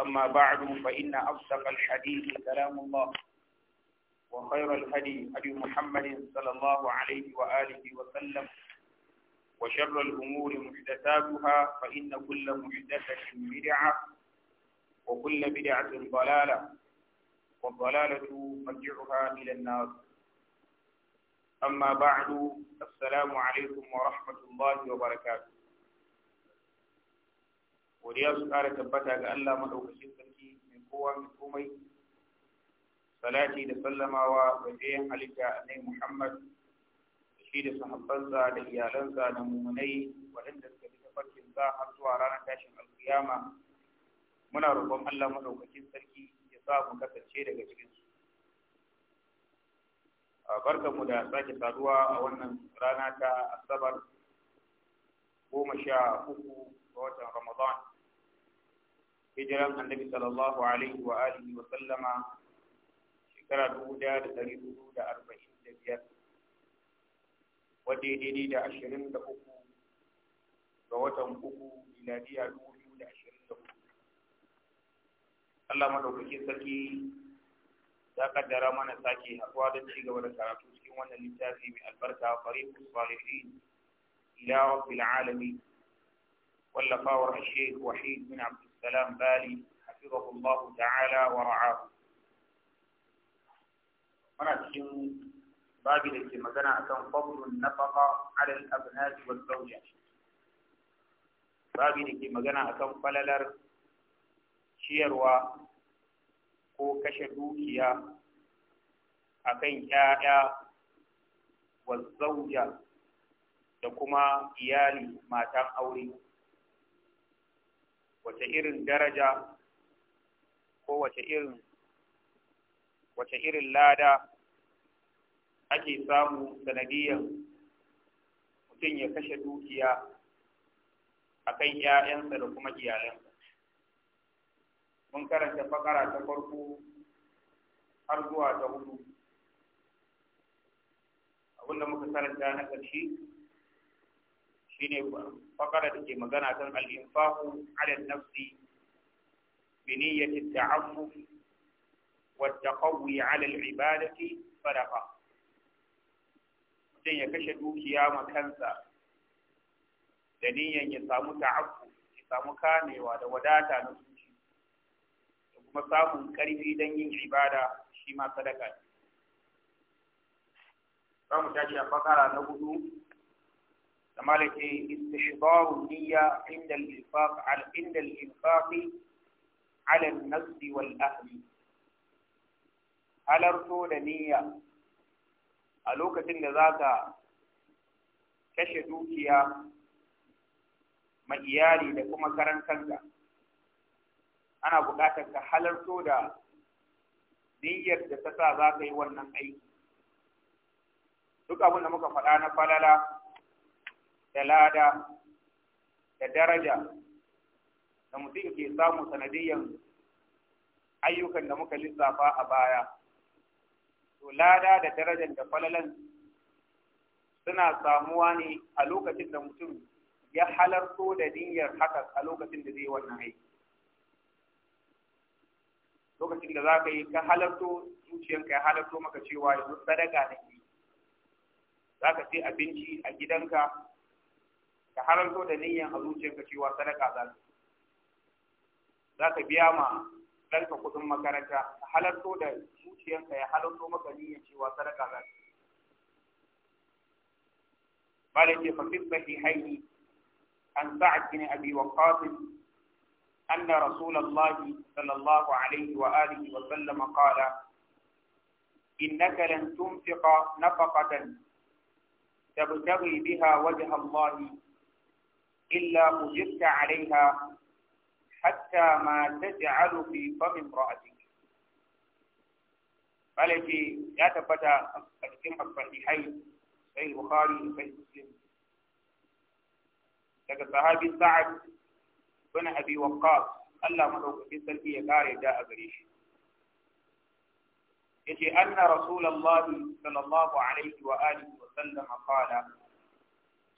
أما بعد فإن أصدق الحديث كلام الله وخير الهدي هدي محمد صلى الله عليه وآله وسلم وشر الأمور محدثاتها فإن كل محدثة بدعة وكل بدعة ضلالة والضلالة مرجعها إلى النار أما بعد السلام عليكم ورحمة الله وبركاته godiya su ƙara tabbata ga Allah maɗaukacin sarki mai kowa mai komai salati da sallamawa ga jayen halitta nai Muhammad da shi da sahabbansa da iyalansa da mummunai waɗanda suka bi tafarkin sa har zuwa ranar tashin alkiyama muna roƙon Allah maɗaukacin sarki ya sa mu kasance daga cikin su barkanmu da sake saduwa a wannan rana ta asabar goma sha uku ga watan ramadan hijiran annabi sallallahu alaihi wa alihi wa sallama shekara dubu daya da dari hudu da arba'in da biyar wadda daidai da ashirin da uku ga watan uku miladiya dubu biyu da ashirin da uku Allah madaukakin sarki ya kaddara mana sake haɗuwa don ci gaba da karatu cikin wannan littafi mai albarka fariqus salihin ila rabbil alamin wallafawar ash-shaykh wahid bin abdul السلام بالي حفظه الله تعالى ورعاه أنا cikin babi da ke magana akan fadlun nafaqa ala al-abnaj wal zawja babi da ke magana akan falalar ciyarwa ko kashe dukiya akan 'ya'ya wal zawja da kuma iyali matan aure wace irin daraja ko wace irin wace irin lada ake samu sanadiyar mutum ya kashe dukiya a kan ‘ya'yansa da kuma iyalansa. Mun karanta fakara ta farko har zuwa ta hudu. Abinda muka karanta na ƙarshe shine fakara da ke magana kan al-infaqu ala nafsi bi niyyati wadda wa taqawwi ala al-ibadati sadaqa mutum ya kashe dukiya ma kansa da niyan ya samu ta'affuf ya samu kamewa da wadata na zuci da kuma samun karfi don yin ibada shi ma sadaka ne za mu tashi a fakara na gudu kamar ce istishdaru niyya inda al-infaq al inda al-infaq ala an halarto da niyya a lokacin da zaka kashe dukiya ma iyali da kuma karantar, kanka ana buƙatar ka halarto da niyyar da ta sa za ka yi wannan aiki duk abin da muka faɗa na falala da lada da daraja da mutum ke samu sanadiyyan ayyukan da muka lissafa a baya to lada da darajar da falalan suna samuwa ne a lokacin da mutum ya halarto da niyyar haka a lokacin da zai wannan aiki lokacin da za ka yi ka halarto zuciyanka ya halarto maka cewa yanzu sadaka da ke za ka sai abinci a gidanka ka haranto da niyyan a zuciyarka cewa sadaka za za ka biya ma ɗanka kuɗin makaranta ka halarto da zuciyarka ya halarto maka niyyan cewa sadaka za ka bala ce fa fis sahihaini an sa'ad bin abi waqqas anna rasulullahi sallallahu alaihi wa alihi wa sallam qala إنك لن تنفق نفقة تبتغي بها وجه الله إلا أجبت عليها حتى ما تجعل في فم امرأتك قال في لا تفتى الكم الصحيحين صحيح البخاري وصحيح مسلم daga sahabi sa'ad bin abi waqqas Allah madaukakin sarki ya kare da a gare shi yace anna rasulullah sallallahu alaihi wa alihi wa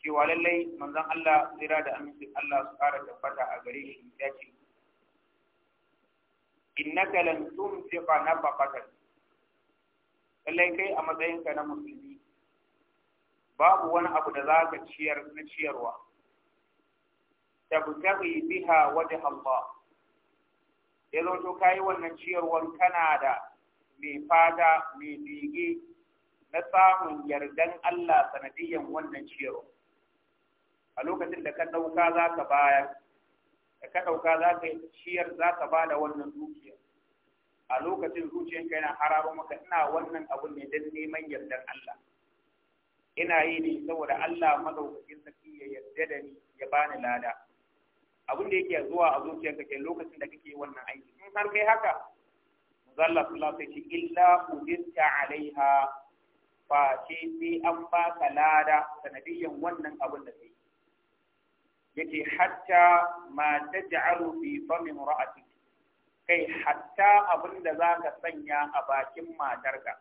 cewa lallai manzon Allah tsira da amincin Allah su ƙara tabbata a gare shi ya ce innaka lan tunfiqa nafaqatan lallai kai a matsayinka na musulmi babu wani abu da za ka ciyar na ciyarwa tabtaghi biha wajha Allah ya zanto ka yi wannan ciyarwar kana da mai fata mai bege na samun yardan Allah sanadiyan wannan ciyarwa. a lokacin da ka ɗauka za ka bayar da ka ɗauka za ka yi ciyar za ka ba da wannan dukiya a lokacin zuciyanka yana hararo maka ina wannan abun ne don neman yardar Allah ina yi ne saboda Allah madaukakin sarki ya yarda da ni ya bani lada abin da yake zuwa a zuciyarka ke lokacin da kake wannan aiki in har kai haka zalla sallallahu alaihi illa ujista alaiha fa ce sai an baka lada sanadiyan wannan abin da kai yake hatta ma taj'alu fi fami ra'atik kai hatta abin da zaka sanya a bakin matarka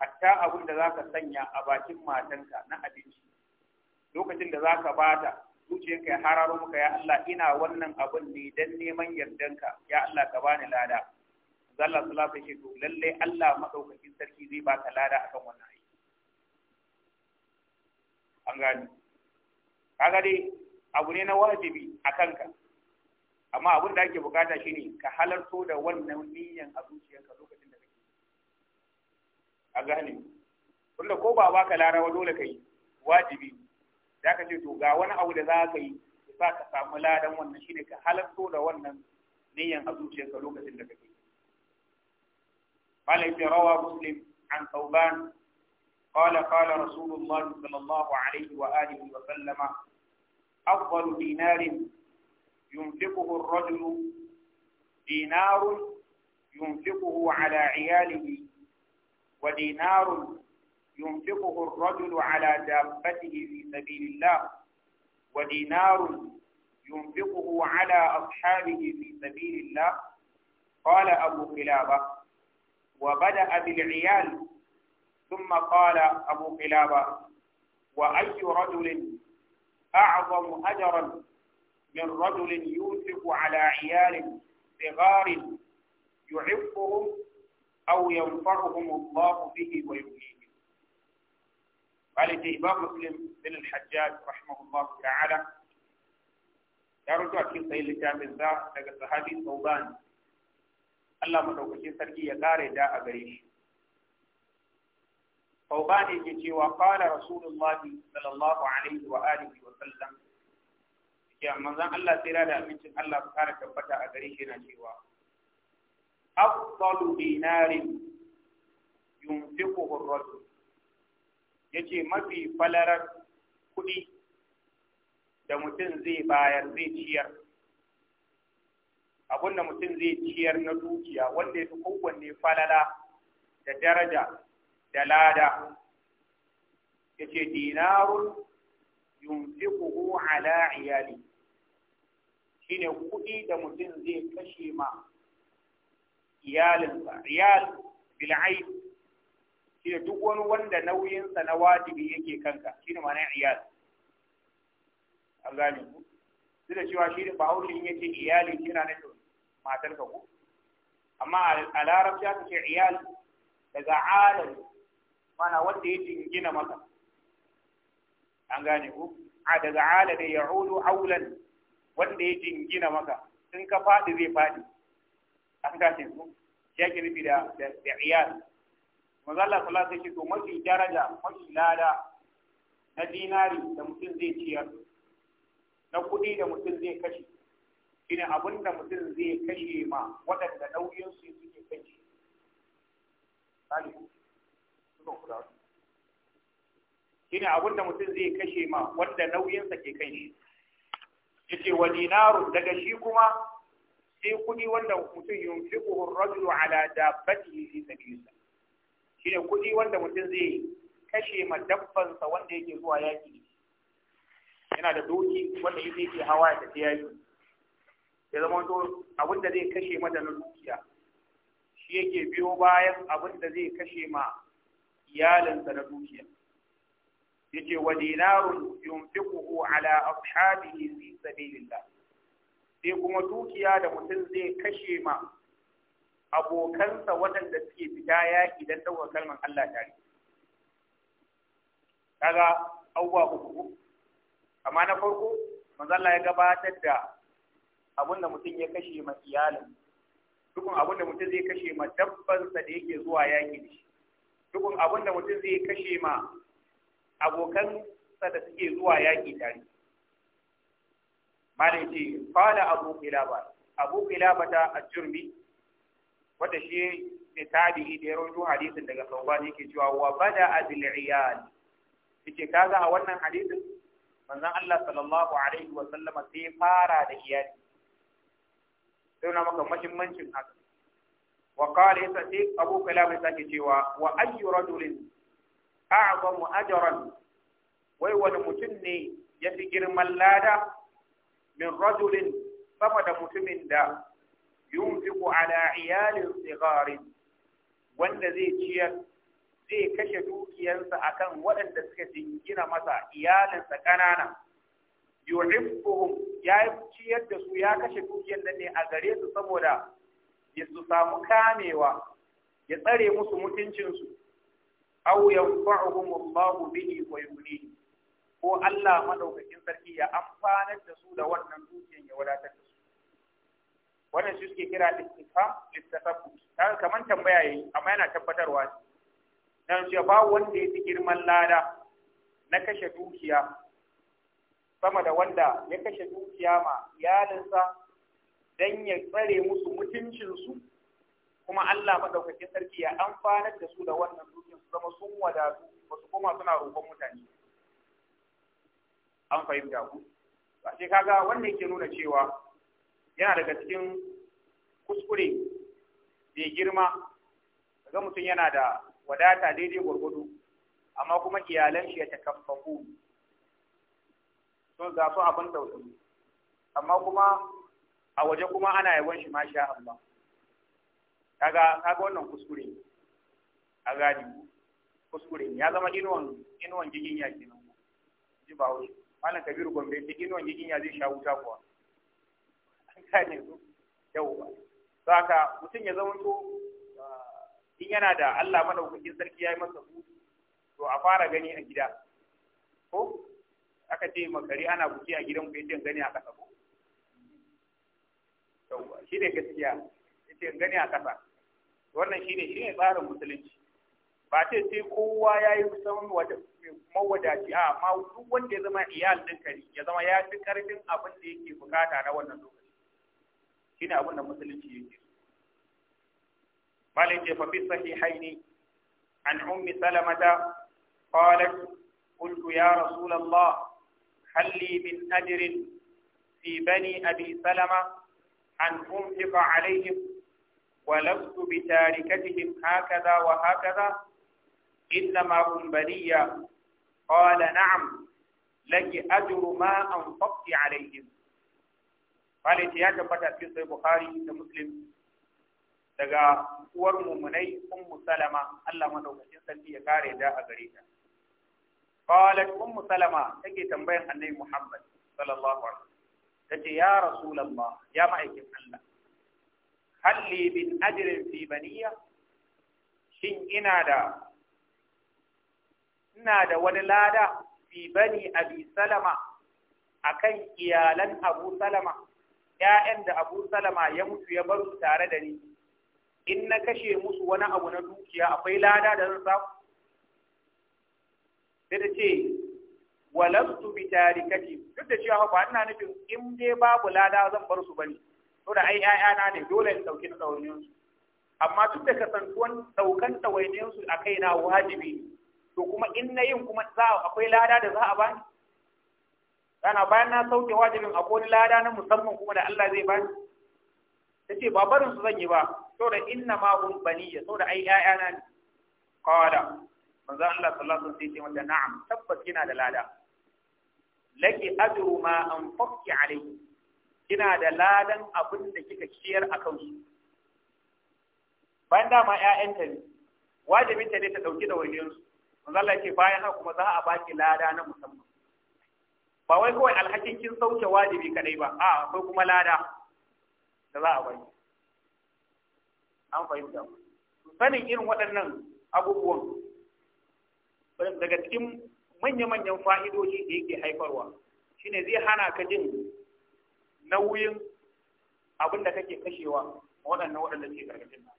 hatta abin da zaka sanya a bakin matanka na abinci lokacin da zaka bata zuciyarka ya hararo maka ya Allah ina wannan abin ne dan neman yardan ka. ya Allah ka bani lada zalla sallallahu alaihi wasallam lalle Allah madaukakin sarki zai baka lada akan wannan aiki an gani kaga dai abu ne na wajibi a kanka amma abin da ake bukata shine ka halarto da wannan niyyan a zuciyarka lokacin da kake a gane tunda ko ba baka larawa dole kai wajibi za ka ce to ga wani abu da za ka yi sa ka samu ladan wannan shine ka halarto da wannan niyyan a zuciyarka lokacin da kake قال في روى مسلم عن ثوبان قال قال رسول الله صلى الله عليه وآله وسلم أفضل دينار ينفقه الرجل دينار ينفقه على عياله ودينار ينفقه الرجل على دابته في سبيل الله ودينار ينفقه على أصحابه في سبيل الله قال أبو قلابة وبدأ بالعيال ثم قال أبو قلابة وأي رجل أعظم أجرا من رجل يوسف على عيال صغار يعفهم أو ينفعهم الله به ويغنيهم قال الإمام مسلم بن الحجاج رحمه الله تعالى يرجع في صيل كامل ذا لقد صحابي ثوبان الله مدوكشين سرقية دار داء غريش ne ke cewa qala rasulullahi sallallahu alaihi wa alihi wa sallam ya manzon Allah tsira da amincin Allah su kare tabbata a gare shi yana cewa afdalu dinarin yunfiquhu ar-rajul yace mafi falarar kuɗi da mutum zai bayar zai ciyar abin da mutum zai ciyar na dukiya wanda ya fi kowanne falala da daraja da lada yace dinarun yunfiquhu ala iyali shine kuɗi da mutum zai kashe ma iyalinsa iyal bil aib shine duk wani wanda nauyinsa na wajibi yake kanka shine ma'anar iyal an gane ku duk da cewa shi bahaushe in yace iyali kina na matar ka ku amma a larabci aka ce iyal daga alal mana wanda ya jingina maka an gane ku a daga ala da ya hudu aulan wanda ya jingina maka in ka faɗi zai faɗi an gane ku ya ke nufi da da iyal maza Allah sallallahu alaihi mafi daraja mafi lada na dinari da mutum zai ciyar na kuɗi da mutum zai kashe shine abin da mutum zai kashe ma waɗanda nauyinsu suke kashe sukan kula su abin da mutum zai kashe ma wanda nauyinsa ke kan shi yace wa dinaru daga shi kuma sai kudi wanda mutum yunfiquhu ar-rajulu ala dabbatihi fi sabilillah shine kudi wanda mutum zai kashe ma dabbansa wanda yake zuwa yaki yana da doki wanda yake yake hawa ya tafi yaki ya zama to abin da zai kashe mata na dukiya shi yake biyo bayan abin da zai kashe ma iyalinsa da dukiya yace wa dinarun yunfiquhu ala ashabihi fi sabilillah sai kuma dukiya da mutum zai kashe ma abokansa waɗanda suke fita yaƙi don ɗaukar kalmar Allah tare kaga abubuwa uku amma na farko manzo Allah ya gabatar da da mutum ya kashe ma iyalin dukkan da mutum zai kashe ma dabbansa da yake zuwa yaƙi da shi dukun abin da mutum zai kashe ma abokan sa da suke zuwa yaƙi tare malam ce fala abu kilaba abu kilaba ta ajurmi wanda shi ne tabi'i da ya rawaito hadisin daga sauban yake cewa wa bada abil iyal yake kaga a wannan hadisin manzon Allah sallallahu alaihi wa sallama sai fara da iyali sai na maka muhimmancin haka wa qala ce abu kalam sake cewa wa ayyu rajulin a'zamu ajran wai wani mutum ne yafi girman lada min rajulin sama da mutumin da yunfiqu ala iyalin sigarin wanda zai ciyar zai kashe dukiyarsa akan waɗanda suka jingina masa iyalinsa ƙanana yuhibbuhum ya ciyar da su ya kashe dukiyar nan ne a gare su saboda ya su samu kamewa ya tsare musu mutuncinsu aw yanfa'uhum Allahu bihi wa yunihi ko Allah madaukakin sarki ya amfana da su da wannan dukiyar ya wadatar da su wannan shi suke kira da littafaku kaga kamar tambaya yayi amma yana tabbatarwa ne dan ya ba wanda ya fi girman lada na kashe dukiya sama da wanda ya kashe dukiya ma iyalinsa dan ya tsare musu mutuncinsu kuma Allah madaukakin sarki ya amfanar da su da wannan dukiyar su zama sun wadatu ba su koma suna roƙon mutane an fahimta ku ba sai kaga wannan yake nuna cewa yana daga cikin kuskure mai girma kaga mutum yana da wadata daidai gwargwado amma kuma iyalan shi ya takaffafu sun zasu abin tausayi amma kuma a waje kuma ana yawan shi ma sha Allah kaga kaga wannan kuskure a gani kuskure ya zama inuwan inuwan gigin ya nan ji ba wai malam kabiru gombe ta inuwan gigin ya zai sha wuta kuwa an kane su Za ka mutum ya zama to ah, in yana da Allah madaukakin sarki ya yi masa hutu to a fara gani a gida ko aka ce makari ana buki a gidan ku yadda gani a kasa ko shi ne gaskiya ya ce gani a ƙasa wannan shi ne shi ne tsarin musulunci ba ce sai kowa ya yi musamman mawadaci a Amma duk wanda ya zama iyal din kari ya zama ya fi ƙarfin abin da yake bukata na wannan lokaci shi ne abin da musulunci yake malik ce fafi haini. an ummi salamata قالت قلت ya rasulallah halli min لي في بني أبي سلمة أن أنفق عليهم ولست بتاركتهم هكذا وهكذا إنما هم بنية قال نعم لك أجر ما أنفقت عليهم قال يا تبتا في صحيح البخاري ومسلم daga uwar mumunai ummu salama Allah madaukakin sarki ya kare da a gare ta qalat ummu salama take tambayan annabi Muhammad sallallahu alaihi tace ya rasulullah ya ma'aikin Allah halli bin ajrin fi baniya shin ina da ina da wani lada fi bani abi salama akan iyalan abu salama ƴaƴan da abu salama ya mutu ya bar tare da ni in na kashe musu wani abu na dukiya akwai lada da zan samu sai ce walastu bi tarikati duk da cewa ba ina nufin in dai babu lada zan bar su bane to da ai ƴaƴana ne dole in dauki tsawonin su amma duk da kasantuwan daukan tsawonin su a kaina wajibi to kuma in na yin kuma za akwai lada da za a bani kana bayan na sauke wajibin akwai lada na musamman kuma da Allah zai bani tace ba barin su zan yi ba da inna ma hum baniya da ai ƴaƴana ne qala manzo Allah sallallahu alaihi wasallam sai ce mata na'am tabbas kina da lada laki ajru ma fakki alai kina da ladan abin da kika ciyar akan su bayan dama ƴaƴanta ne wajibin ta ne ta dauki dawainiyar su manzo Allah yake bayan haka kuma za a baki lada na musamman ba wai kawai alhakin kin sauke wajibi kadai ba a akwai kuma lada da za a baki an fahimta sanin irin waɗannan abubuwan daga cikin manya-manyan fa'idoji da yake haifarwa shine zai hana ka jin nauyin abin da kake kashewa waɗannan waɗanda ke ƙarƙashin nan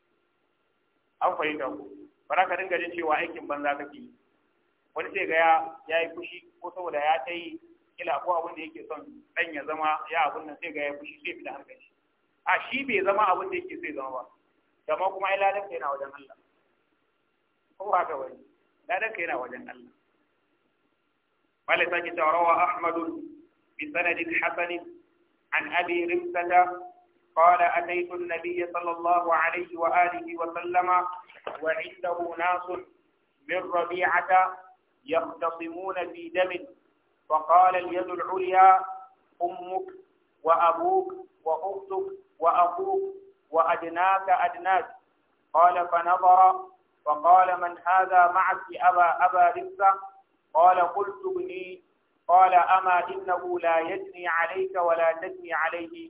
an fahimta ku ba za ka dinga jin cewa aikin banza kake yi wani sai ga ya yi fushi ko saboda ya ta yi kila ko abin da yake son ɗan ya zama ya abin nan sai ga ya fushi sai fita harkar shi a shi bai zama abin da yake sai zama ba dama kuma ai ladan ka yana wajen Allah ko haka ka ladan ka yana wajen Allah قال روى أحمد بسند حسن عن أبي رمسة قال أتيت النبي صلى الله عليه وآله وسلم وعنده ناس من ربيعة يختصمون في دم فقال اليد العليا أمك وأبوك وأختك وأخوك وأدناك أدناك قال فنظر فقال من هذا معك أبا أبا رمسة قال قلت ابني قال أما إنه لا يجني عليك ولا تجني عليه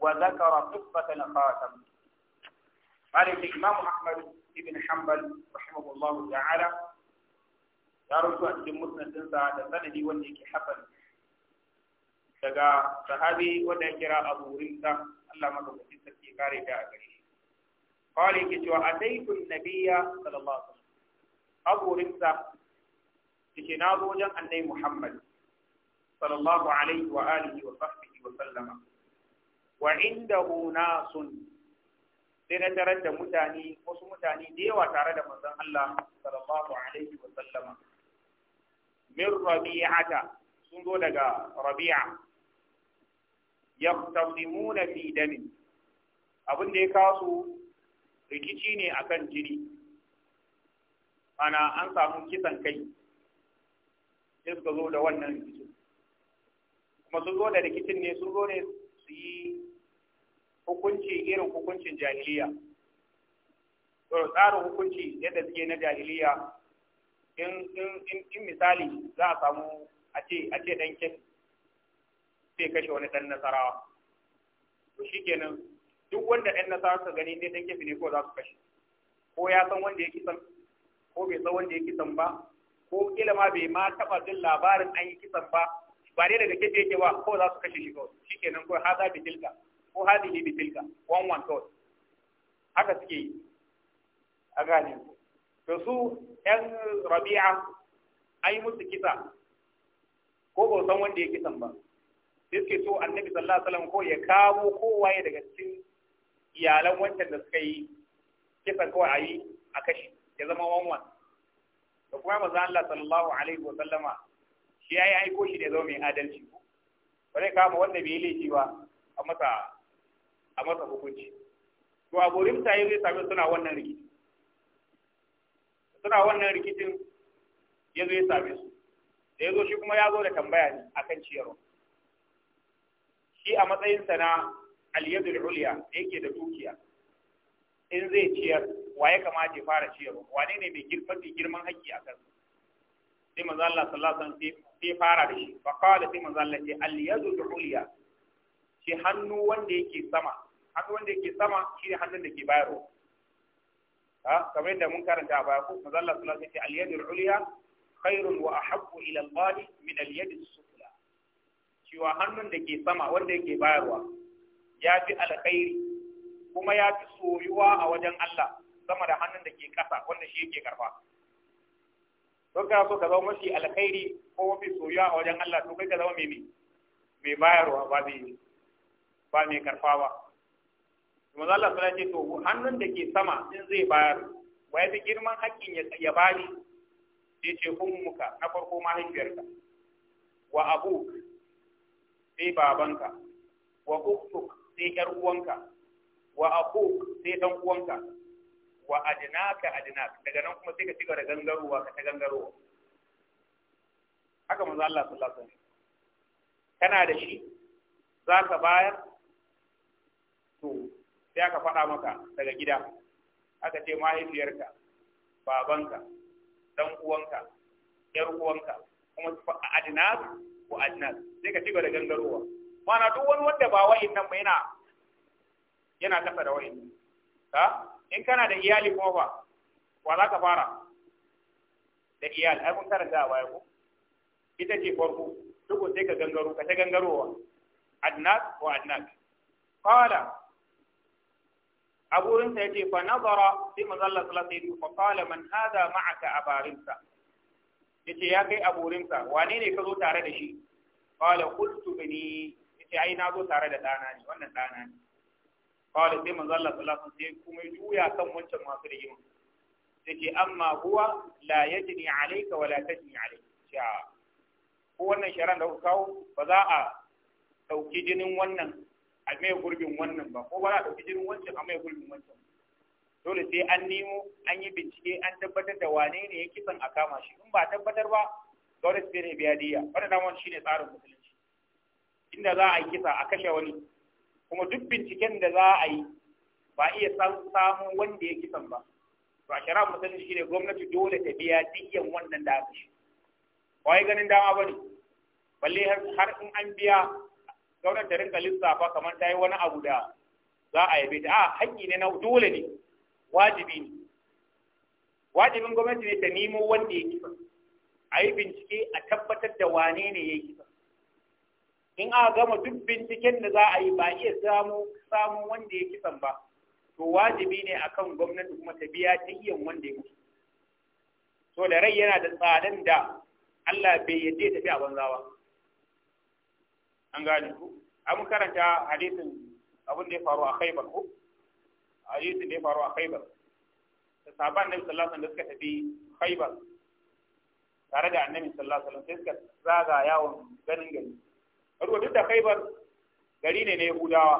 وذكر قصة الخاتم قال الإمام أحمد بن حنبل رحمه الله تعالى يروي عن مسند سنسا ده سندي wanda yake hasan daga sahabi wanda ya kira Abu Hurairah Allah madaukakin sarki kare da a gare shi qali ke cewa ataitu an-nabiyya sallallahu alaihi wasallam Abu Hurairah yake na zo wajen annabi Muhammad sallallahu alaihi wa alihi wa sahbihi wa sallama wa indahu nasun sai na tarar da mutane wasu mutane da yawa tare da manzon Allah sallallahu alaihi wa sallama min rabi'ata sun zo daga rabi'a yaqtasimuna fi damin abin da ya kawo rikici ne akan jini ana an samu kisan kai sai suka zo da wannan rikicin kuma sun zo da rikicin ne sun zo ne su yi hukunci irin hukuncin jahiliya tsarin hukunci yadda suke na jahiliya in misali za a samu a ce ɗan kin sai kashe wani ɗan nasarawa to shi kenan duk wanda ɗan nasarawa ka gani ne ɗan kefi ne ko za su kashe ko ya san wanda ya kisan ko bai san wanda ya kisan ba ko kila ma bai ma taba jin labarin an yi kisan ba ba ne daga kefe yake ba ko za su kashe shi kawai shikenan ko haza bi tilka ko hadihi bi tilka one one kawai haka suke yi a gane to su yan rabi'a an yi musu kisa ko ba san wanda ya kisan ba sai suke so annabi sallallahu alaihi wasallam ko ya kamo kowaye daga cikin iyalan wancan da suka yi kisan kawai a yi a kashe ya zama wan. da kuma manzo Allah sallallahu alaihi wa sallama shi yayi aiko shi da zo mai adalci ba zai kama wanda bai laifi ba a masa a masa hukunci to aburin tayi zai sami suna wannan rikici suna wannan rikicin ya zo ya same su da ya zo shi kuma ya zo da tambaya ne akan ciyarwa shi a matsayinsa na aliyadul uliya yake da dukiya in zai ciyar waye kamata ya fara ciyarwa wane ne mai girman haƙƙi a kansa sai manzo Allah sallallahu alaihi wasallam sai fara da shi fa qala sai manzo Allah ce al yadul ulya shi hannu wanda yake sama hannu wanda yake sama shi ne hannun da ke bayarwa ha kamar yadda mun karanta a baya ko manzo Allah sallallahu alaihi wasallam ce al yadul ulya khairun wa ahabbu ila Allah min al yadi sufla cewa hannun da ke sama wanda yake bayarwa ya fi alkhairi kuma ya fi soyuwa a wajen Allah sama da hannun da ke ƙasa wanda shi yake karfa to ka so ka zama mafi alkhairi ko mafi soyuwa a wajen Allah to kai ka zama mai mai bayarwa ba mai ba mai karfa ba manzo Allah sallallahu to hannun da ke sama in zai bayar wai bi girman haƙƙin ya ya bani sai ce ummuka na farko mahaifiyarka wa abuk sai babanka wa uktuk sai yar uwanka wa akuk sai dan uwanka wa ka adnaka daga nan kuma sai ka cigaba da gangarowa ka ta gangarowa haka manzo Allah sallallahu alaihi wasallam kana da shi za ka bayar to sai aka faɗa maka daga gida aka ce mahaifiyarka babanka dan uwanka yar uwanka kuma adnas ko adnas sai ka cigaba da gangarowa mana duk wani wanda ba wa'in nan ba yana yana kafa da wa'in ha in kana da iyali kuma ba wa za ka fara da iyali ai mun karanta a baya ko ita ce farko duk sai ka gangaro ka ta gangarowa adnas wa adnas qala rin sai ce fa nazara fi mazalla Allah fa qala man hada ma'aka abarinsa yace ya kai aburinsa wane ne ka zo tare da shi qala qultu bani yace ai na zo tare da dana ne wannan dana ne qala sai manzo Allah sallallahu alaihi wasallam sai kuma juya kan wancan masu rigima sai amma huwa la yajni alayka wala tajni alayka sha ko wannan sharan da kuka kawo ba za a dauki jinin wannan a mai gurbin wannan ba ko ba za a dauki jinin wancan a mai gurbin wancan dole sai an nemo an yi bincike an tabbatar da wane ne ya kisan a kama shi in ba tabbatar ba dole sai ne biya diya wannan shine tsarin musulunci inda za a yi kisa a kashe wani kuma duk binciken da za a yi ba iya samun wanda ya kisan ba to a shara musulunci shi ne gwamnati dole ta biya diyan wannan da aka shi wai ganin dama ba ne balle har in an biya gwamnati ta rinka lissafa kamar ta yi wani abu da za a yabe ta a haƙƙi ne na dole ne wajibi ne wajibin gwamnati ne ta nemo wanda ya kisan a yi bincike a tabbatar da wane ne ya yi kisan in aka gama duk binciken da za a yi ba iya samu samun wanda ya kisan ba to wajibi ne akan gwamnati kuma ta biya diyan wanda ya mutu so da rai yana da tsadan da Allah bai yadda ya tafi a banza ba. an gane ku an karanta hadisin abin da ya faru a Khaibar ko hadisin da ya faru a Khaibar da sahabban Nabi sallallahu alaihi wasallam suka tafi Khaibar tare da Annabi sallallahu alaihi wasallam sai suka zaga yawon ganin gari Wato duk da Khaibar gari ne na Yahudawa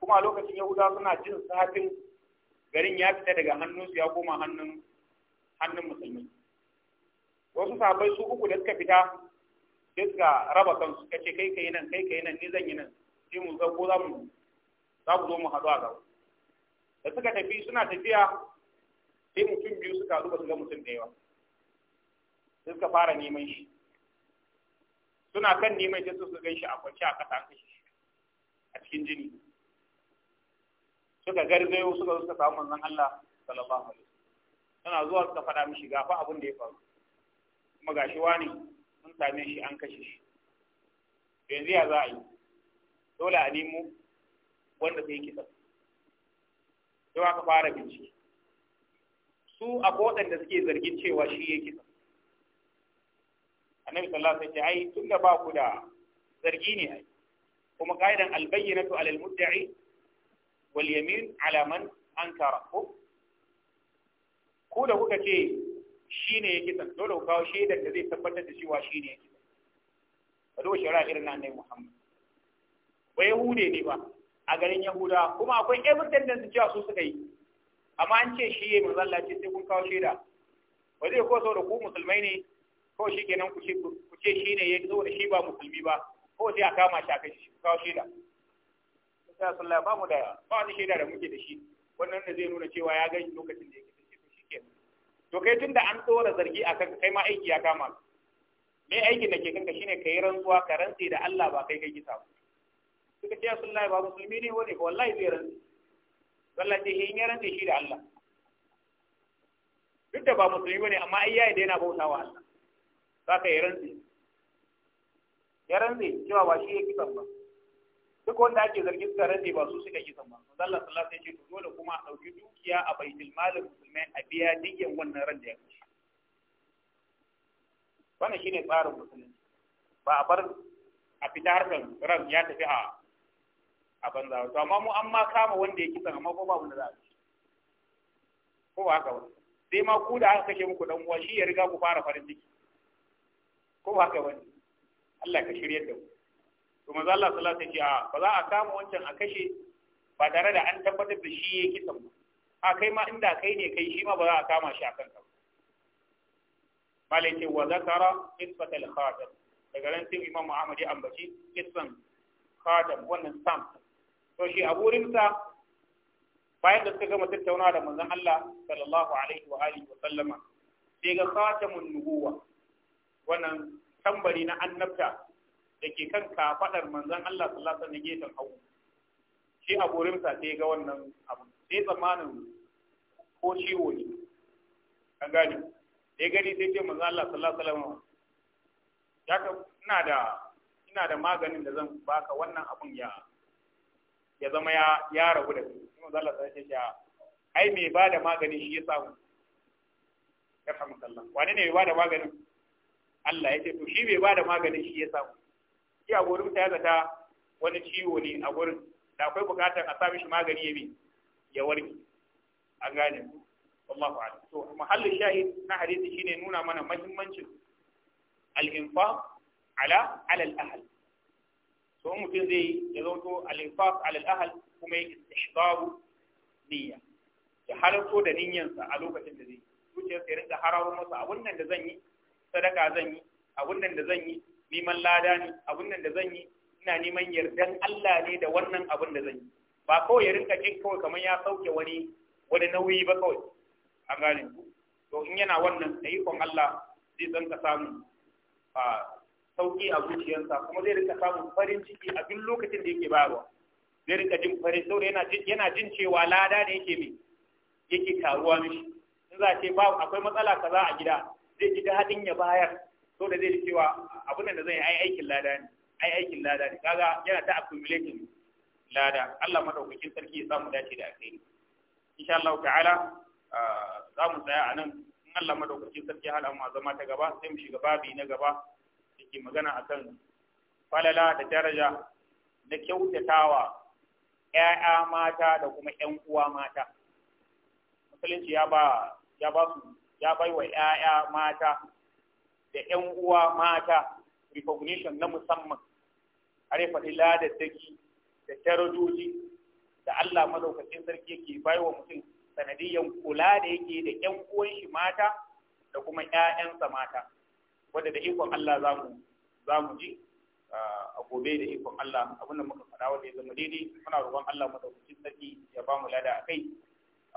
kuma a lokacin Yahudawa suna jin safin garin ya fita daga hannunsu ya koma hannun hannun musulmi wasu sabai su uku da suka fita sai suka raba kansu ka ce kai kai nan kai kai nan ni zan yi nan sai mu zo ko za za mu zo mu haɗu a gaba da suka tafi suna tafiya sai mutum biyu suka haɗu ba su ga mutum da yawa sai suka fara neman shi suna kan neman sai suka gan shi a kwanci a ƙasa kashi a cikin jini suka garzayo suka zo suka samu manzon Allah sallallahu alaihi wasallam suna zuwa suka faɗa mishi ga fa abin da ya faru kuma gashi wani sun same shi an kashe shi yanzu ya za a yi dole a nemo wanda zai kisa sai aka fara bincike su akwai waɗanda suke zargin cewa shi ya kisa annabi sallallahu alaihi wasallam ai tunda ba ku da zargi ne ai kuma qaidan albayyinatu alal mudda'i wal yamin ala man ankara ko ko da kuka ce shine yake san dole ku kawo shaidar da zai tabbatar da cewa shine yake ka dole shari'a irin na annabi Muhammad ba yahude ne ba a garin yahuda kuma akwai evidence da cewa su suka yi amma an ce shi ne manzo Allah ce sai kun kawo shaida ba zai ko da ku musulmai ne ko shi kenan ku ce ku ce shi ne ya zo da shi ba musulmi ba ko sai a kama shi a kai shi kawo shaida sai sallah ba mu da ba wani shaida da muke da shi wannan da zai nuna cewa ya gani lokacin da yake tace shi kenan to kai tunda an tsora zargi akan kai ma aiki ya kama me aikin da ke kanka shine kai rantsuwa ka rantse da Allah ba kai kai kisa ba suka ce sallah ba musulmi ne wani ko wallahi zai rantse wallahi sai in ya rantse shi da Allah duk da ba musulmi bane amma ai yayi da yana bautawa Allah za ka rantsi ya rantsi cewa ba shi ya kisan ba duk wanda ake zargin suka rantsi ba su suka kisan ba manzo Allah sallallahu alaihi wasallam ya ce dole kuma a dauki dukiya a baitul mal musulmai a biya diyyan wannan ran da ya kashe wannan shine tsarin musulunci ba a bar a fita harkar ran ya tafi a a banza to amma mu an ma kama wanda ya kisan amma ko babu da za a ci ko ba haka ba sai ma ku da aka kashe muku dan uwa shi ya riga ku fara farin ciki ko ba ka bane Allah ka shirye da mu to manzo Allah sallallahu alaihi wasallam ba za a kama wancan a kashe ba tare da an tabbatar da shi yake kisan ba a kai ma inda kai ne kai shi ma ba za a kama shi a kanka ba malaiti wa zakara isfat al khatam daga ran sai Imam Muhammad ambaci isfan khatam wannan sam to shi Abu Rimsa bayan da suka gama tattaunawa da manzon Allah sallallahu alaihi wa alihi wa sallama sai ga khatamun nubuwa wannan tambari na annabta da ke kan kafaɗar manzon Allah sallallahu alaihi wasallam na gefen shi a burinsa sai ga wannan abu sai tsammanin ko ciwo ne an gani sai gani sai ce manzon Allah sallallahu alaihi wasallam ya ka ina da ina da maganin da zan baka wannan abun ya ya zama ya ya rabu da kai manzon Allah sai ce ya ai me ba da magani shi ya samu ya fahimta Allah wane ne ya ba da maganin Allah ya ce to shi bai ba da maganin shi ya samu shi a gurin ta zata wani ciwo ne a gurin da akwai bukatar a sami shi magani ya bi ya warke an gane ku wallahu a'lam to mahallin shahid na hadisi shine nuna mana muhimmancin al-infaq ala ala al-ahl to mutum zai ya zanto al-infaq ala al-ahl kuma ya istihbabu niyya ya halarto da niyyansa a lokacin da zai zuciyarsa ya rinka hararo masa a wannan da zan yi sadaka zan yi abun nan da zan yi neman lada ne abun nan da zan yi ina neman yardan Allah ne da wannan abun da zan yi ba kawai ya rinka jin kawai kamar ya sauke wani wani nauyi ba kawai an gane ku to in yana wannan da ikon Allah zai san ka samu a sauki a zuciyarsa kuma zai rinka samun farin ciki a duk lokacin da yake bayarwa zai rinka jin farin saboda yana jin yana jin cewa lada ne yake mai yake taruwa mishi in za ce ba akwai matsala kaza a gida zai ji daɗin ya bayar so da zai cewa abin da zai ai aikin lada ne ai aikin lada ne kaga yana ta accumulating lada Allah madaukakin sarki ya samu dace da akai insha Allah ta'ala ah, za mu tsaya a nan in Allah madaukakin sarki ya hada zama ta gaba sai mu shiga babi na gaba dake magana akan falala da daraja na kyautatawa ‘ya'ya mata da kuma ‘yan uwa mata. Musulunci ya ba ya ba su ya bai wa 'ya'ya mata da 'yan uwa mata recognition na musamman har ya faɗi ladaddaki da tarajoji da Allah madaukakin sarki yake bai wa mutum sanadiyyar kula da yake da 'yan uwan shi mata da kuma 'ya'yansa mata wadda da ikon Allah za mu ji a gobe da ikon Allah abinda muka faɗa wanda ya zama daidai muna roƙon Allah madaukakin sarki ya ba mu lada a kai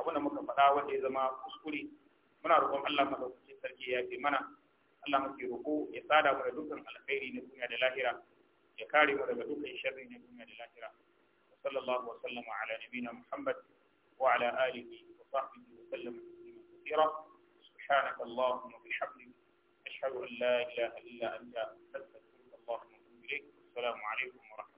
abin da muka faɗa wanda ya zama kuskure muna roƙon Allah madaukakin sarki ya fi mana Allah muke roƙo ya tsada mu da dukkan alkhairi na duniya da lahira ya kare mu daga dukkan sharri na duniya da lahira sallallahu wa sallama ala nabina muhammad wa ala alihi wa sahbihi wa sallam tasliman kathira سبحانك اللهم وبحمدك أشهد أن لا إله إلا أنت أستغفرك اللهم وأتوب إليك والسلام عليكم ورحمة الله